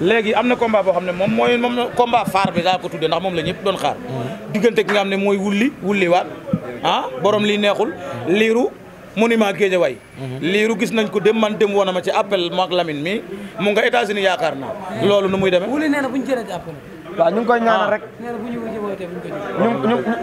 léegi am na combat boo xam ne moom mooy moom combat phare bi daa ko tuddee ndax moom la ñëpp doon xaar mm-hmm. diggante ki nga xam ne mooy wulli wulli waat ah boroom lii neexul mm-hmm. liiru mu monument Guédiawaye mm-hmm. liiru gis nañ ko dem man dem woon na ma ci appel maak Lamine mi mu nga États-Unis yaakaar naa loolu nu muy demee wulli nee na bu ñu jëlee appel waa ah. ñu ngi koy ñaanal rek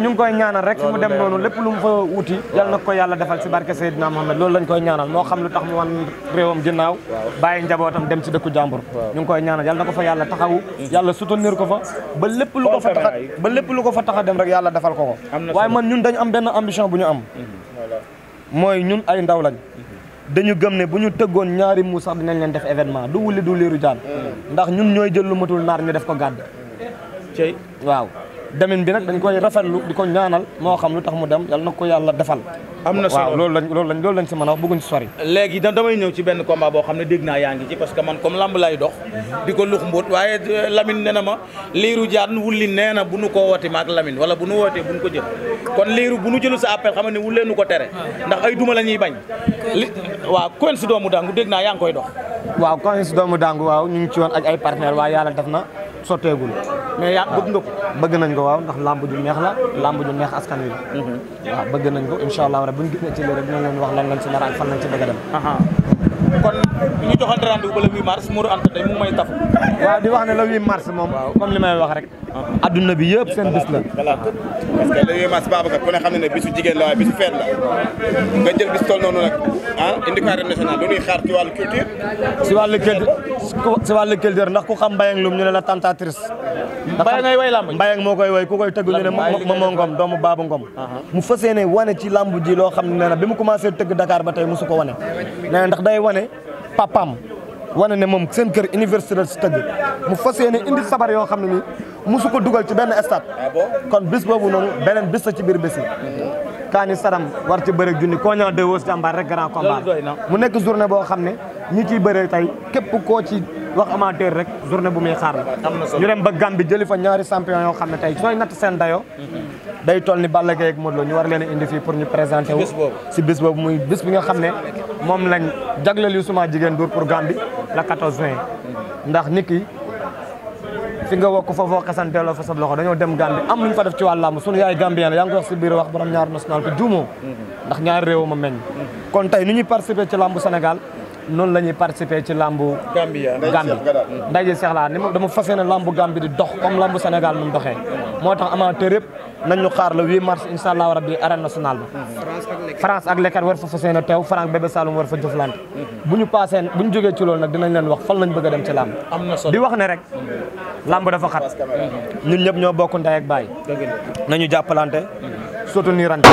ñu ngi koy ñaanal rek mu dem noonu lépp lu mu fa wuti yal na ko yàlla defal si barke Seydina Mohamed loolu lañ koy ñaanal noo xam lu tax mu wan réewam ginnaaw bàyyi njabootam dem si dëkku jàmbur ñu ngi koy ñaanal yal na ko fa yàlla taxawu mm. yàlla soutenir ko fa ba lépp lu ko fa taxa lépp lu ko fa taxa dem rek yàlla defal ko ko waaye man ñun dañu am benn ambition bu ñu am mm-hmm. mooy ñun ay ndaw lañ mm-hmm. dañu gëm ne bu ñu tëggoon ñaari muus sax di nañ leen def événement du wuli du liiru jaan mm. ndax ñun ñooy jël lu matul naar ñu def ko gàdd cey waaw demin bi nag dañ koy rafetlu di ko ñaanal moo xam lu tax mu dem yàlla na ko yàlla defal am na solo waaw loolu lañ loolu lañ loolu lañ si mën a wax bëgguñ si sori léegi da damay ñëw ci benn combat boo xam ne dégg naa yaa ngi ci parce que man comme lamb lay dox di euh, na ma liiru jaan wulli nee na bu nu ko woote maak Lamine wala bu nu wootee bu nu ko kon liiru bu nu jëlu sa appel xam ko tere ndax ay duma la ñuy bañ li waaw coince doomu dangu dégg naa yaa ngi koy dox waaw coince doomu dangu ñu ngi ci woon ak ay partenaire waaye yàlla na sotteegul mais bëgg nañ ko waaw ndax lamb ju neex la lamb ju neex askan wi mhm. waaw bëgg nañ ko incha allah rek buñ génnee ci lii rek ñoo leen wax lan lañ ci nar ak fan lañ ci bëgg a dem ñu joxante rendez-vous ba le 8 mu may tafu di wax ne le 8 mars moom comme li may wax rek adduna bi yëpp seen bis la parce que le jigéen la waaye bisu feet la nga jël bis toll noonu nag ah indi carré national lu ñuy xaar ci wàllu culture si wàllu culture ndax ku xam Mbayang Loum ñu ne la tentatrice Mbayang ngay way lamb Mbayang moo koy way ku koy tëgg ñu ne Momo Ngom doomu Baba Ngom mu fas yéene wane ci làmb ji loo xam ne ne bi mu commencé tëgg Dakar ba tey mosu ko wane nee ndax day wane papaam wane ne moom seen kër université la si tëgg mu fas yéene indi sabar yoo xam ne nii musu ko dugal ci benn stade ah kon bis boobu noonu beneen bis ci biir bis yi kaani sadam war ci bëre junni koo ñëw de wës jàmbaar rek grand combat mu nekk journée boo xam ne ñi ci bëre tey képp koo ci wax amateur rek journée bu muy xaar la ñu dem ba Gambie jëli fa ñaari champion yoo xam ne tey sooy natt seen dayo day toll ni Balla Gaye ak ñu war leen a indi fii pour ñu présenté wu si bis boobu muy bis bi nga xam ne moom lañ jagleel yu suma jigéen duur pour Gambie la 14 juin ndax nit ki fi nga wokk fa foo xasanteeloo fa sa loxo dañoo dem Gambie am luñ fa def ci wàllaam sunu yaay Gambien la yaa ngi wax si biir wax borom ñaari national ko juumoo mhm. ndax ñaari noonu la ñuy participer ci làmbu Gambie ndaje Cheikh laa ni ma dama fas yéene làmbu Gambie di dox comme làmbu Sénégal nu mu doxee moo tax amateur yëpp nañ ñu xaar le 8 mars insha allahu rabbi arène nationale bi France ak Lekkat war fa fas yéene teew France bébé Saloum war fa jëflante bu ñu passé bu ñu jógee ci loolu nag dinañ leen wax fan lañ bëgg a dem ci làmb di wax ne rek làmb dafa xat ñun ñëpp ñoo bokk ndey ak baay nañu jàppalante soutenirante